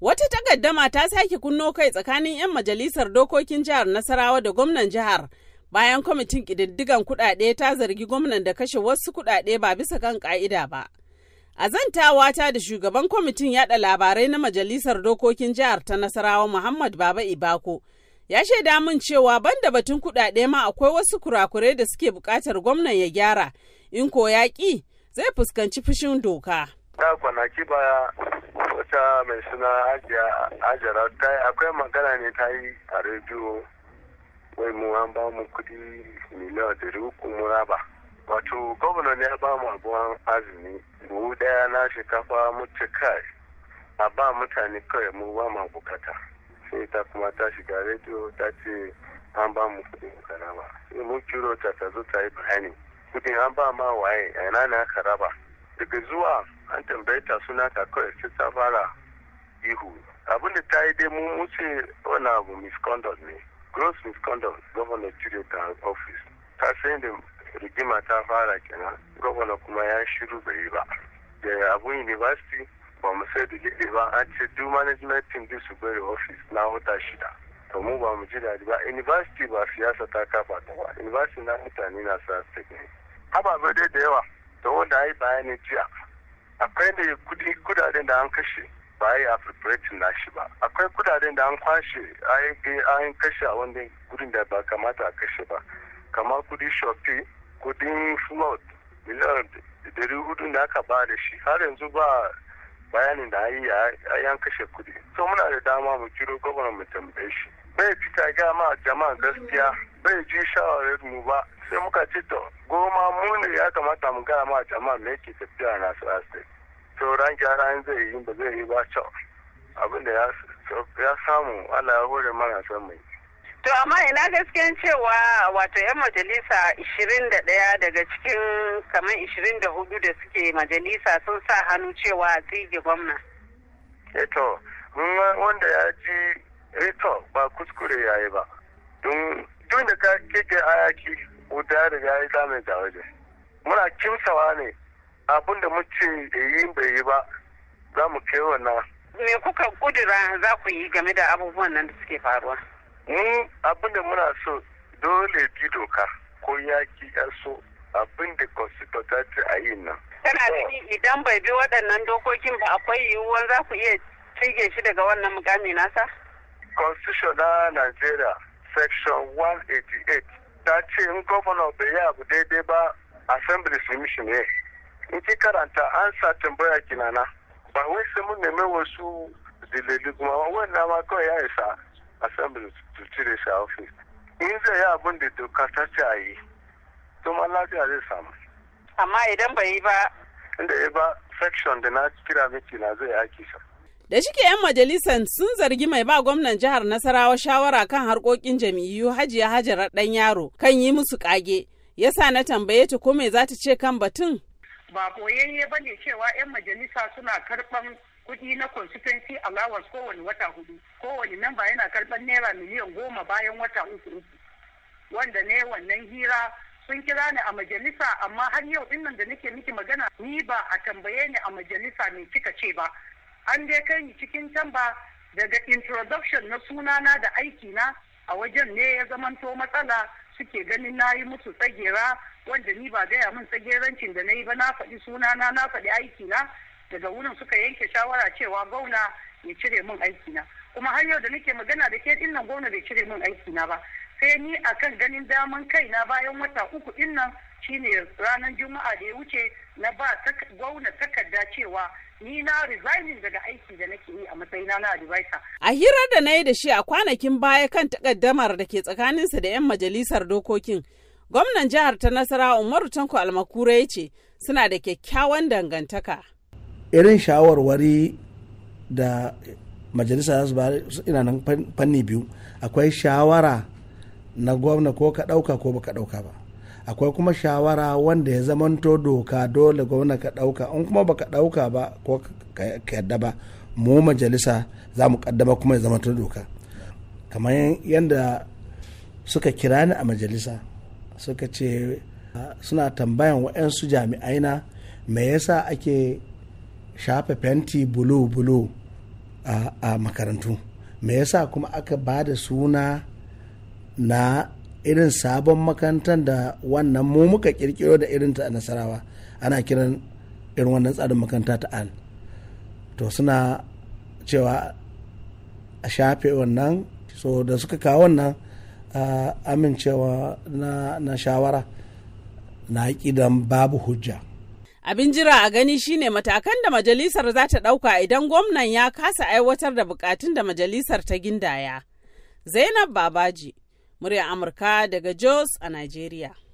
Wata takaddama ta sake kunno kai tsakanin 'yan majalisar dokokin jihar Nasarawa da gwamnan jihar bayan kwamitin ƙididdigan kuɗaɗe ta zargi gwamnan da kashe wasu kuɗaɗe ba bisa kan ƙa'ida ba. A zantawa ta da shugaban kwamitin yaɗa labarai na majalisar dokokin jihar ta Nasarawa Muhammad Baba Ibako ya shaida min cewa banda batun kuɗaɗe ma akwai wasu kurakurai da suke buƙatar gwamnan ya gyara in ko ya zai fuskanci fushin doka. da kwanaki baya wata mai suna ajiyar akwai magana ne ta yi a rediyo wai mu an ba mu kudi miliyan dari uku muraba wato gwamna ne ya ba mu abuwan azumi buhu daya na shinkafa mutu kai a ba mutane kawai mu ba ma bukata sai ta kuma ta shiga rediyo ta ce an ba mu kudin karaba sai mun kiro ta ta zo ta yi bayani kudin an ba ma waye a ina ne daga zuwa an tambaye ta suna ta kawai sai ta fara ihu abin da ta yi dai mu wuce wani abu misconduct ne gross misconduct governor studio ta office ta sai da rigima ta fara kenan governor kuma ya shiru bai ba da abun university ba mu sai dalili ba an ce duk management team duk su bari office na wata shida to mu ba mu ji daɗi ba university ba siyasa ta kafa ta ba university na mutane na sa ne ababe dai da yawa da wanda ya yi bayani jiya akwai da kudaden da an kashe ba a yi appropriating na shi ba akwai kudaden da an kwashe an kashe a wanda gudun da ba kamata a kashe ba kamar kudi shopping kudin flood miliyan dari hudu da aka ba da shi har yanzu ba bayanin da a yi a an kashe kudi to muna da dama mu kiro gwamnan mu tambaye shi bai fita ga ma jama'a gaskiya bai ji shawarar mu ba sai muka ci to goma mu ya kamata mu ga ma jama'a me yake tafiya na su asiri ran gyara in zai yi ba zai yi ba abin da ya samu Allah ya hore mana san mai To amma ina gaskiyan cewa wato 'yan majalisa 21 daga cikin kamar 24 da suke majalisa sun sa hannu cewa zai tsige gwamna. Eto, eh, wanda ya ji rito. Eh, kuskure ya yi ba don duk da ka keke ayaki wuta da ya yi zamani da waje muna kimsawa ne abin da da yi bai yi ba za mu kai wannan me kuka kudura za ku yi game da abubuwan nan da suke faruwa mu abin da muna so dole ji doka ko yaki ya so abin da constitution ta ce a yi nan kana gani idan bai bi waɗannan dokokin ba akwai yiwuwar za ku iya tsige shi daga wannan mukami nasa constitution na Nigeria section 188 na ce in gwamna bai yi abu daidai ba assembly submission in karanta an sa kinana ba wai sai mun neme di dilili kuma wannan ma ya isa assembly to cire shi a office in zai yi abin da doka ta ce to ma lafiya zai samu amma idan bai yi ba inda ya ba section da na kira miki na zai yaki shi Da shike 'yan majalisar sun zargi mai ba gwamnan jihar Nasarawa shawara kan harkokin jam'iyyu Hajiya Hajara dan yaro kan yi musu ya Yasa na tambaye ta ko me za ta ce kan batun? Ba boyayye ba ne cewa 'yan majalisa suna karban kuɗi na constituency allowance kowane wata hudu. Kowane memba yana karban naira miliyan goma bayan wata uku uku. Wanda ne wannan hira sun kira ni a majalisa amma har yau dinnan da nake miki magana ni ba a tambaye ni a majalisa me kika ce ba. an dai kai ni cikin can ba daga introduction na sunana da aikina a wajen ne ya zamanto matsala suke ganin na yi musu tsagera wanda ni ba gaya min tsagerancin da na yi ba na faɗi sunana na faɗi aikina daga wurin suka yanke shawara cewa gauna ya cire min aikina kuma har yau da nake magana da ke dinnan gauna bai cire min aikina ba sai ni akan ganin daman kaina bayan wata uku dinnan shine ranar juma'a da ya wuce na ba gwauna takarda cewa ni na resigning daga aiki da nake yi a matsayina na advisor. A hirar da na yi da shi a kwanakin baya kan takaddamar da ke tsakaninsa da 'yan majalisar dokokin, gwamnan jihar ta nasara Umaru Tanko Almakura ya ce suna da kyakkyawan dangantaka. Irin shawarwari da majalisa za su ina nan fanni biyu akwai shawara na gwamna ko ka ɗauka ko baka ɗauka ba akwai kuma shawara wanda ya zamanto doka dole gwamna ka ɗauka in kuma baka ɗauka ba ko ka yadda ba mu majalisa za mu kaddama kuma ya zamanto doka kamar yadda suka kira ni a majalisa suka ce suna tambayan waɗansu jami'ai na me yasa ake shafe fenti bulu-bulu a makarantu me yasa kuma aka ba da suna na irin sabon makarantar da wannan mu muka kirkiro da irin ta nasarawa ana kiran irin wannan tsarin makaranta ta al to suna cewa a shafe wannan so da suka kawo wannan amincewa na shawara na kidan babu hujja Abin jira a gani shine matakan da majalisar za ta ɗauka idan gwamnan ya kasa aiwatar da bukatun da majalisar ta gindaya. Zainab Babaji, Murya Amurka daga Jos a Najeriya.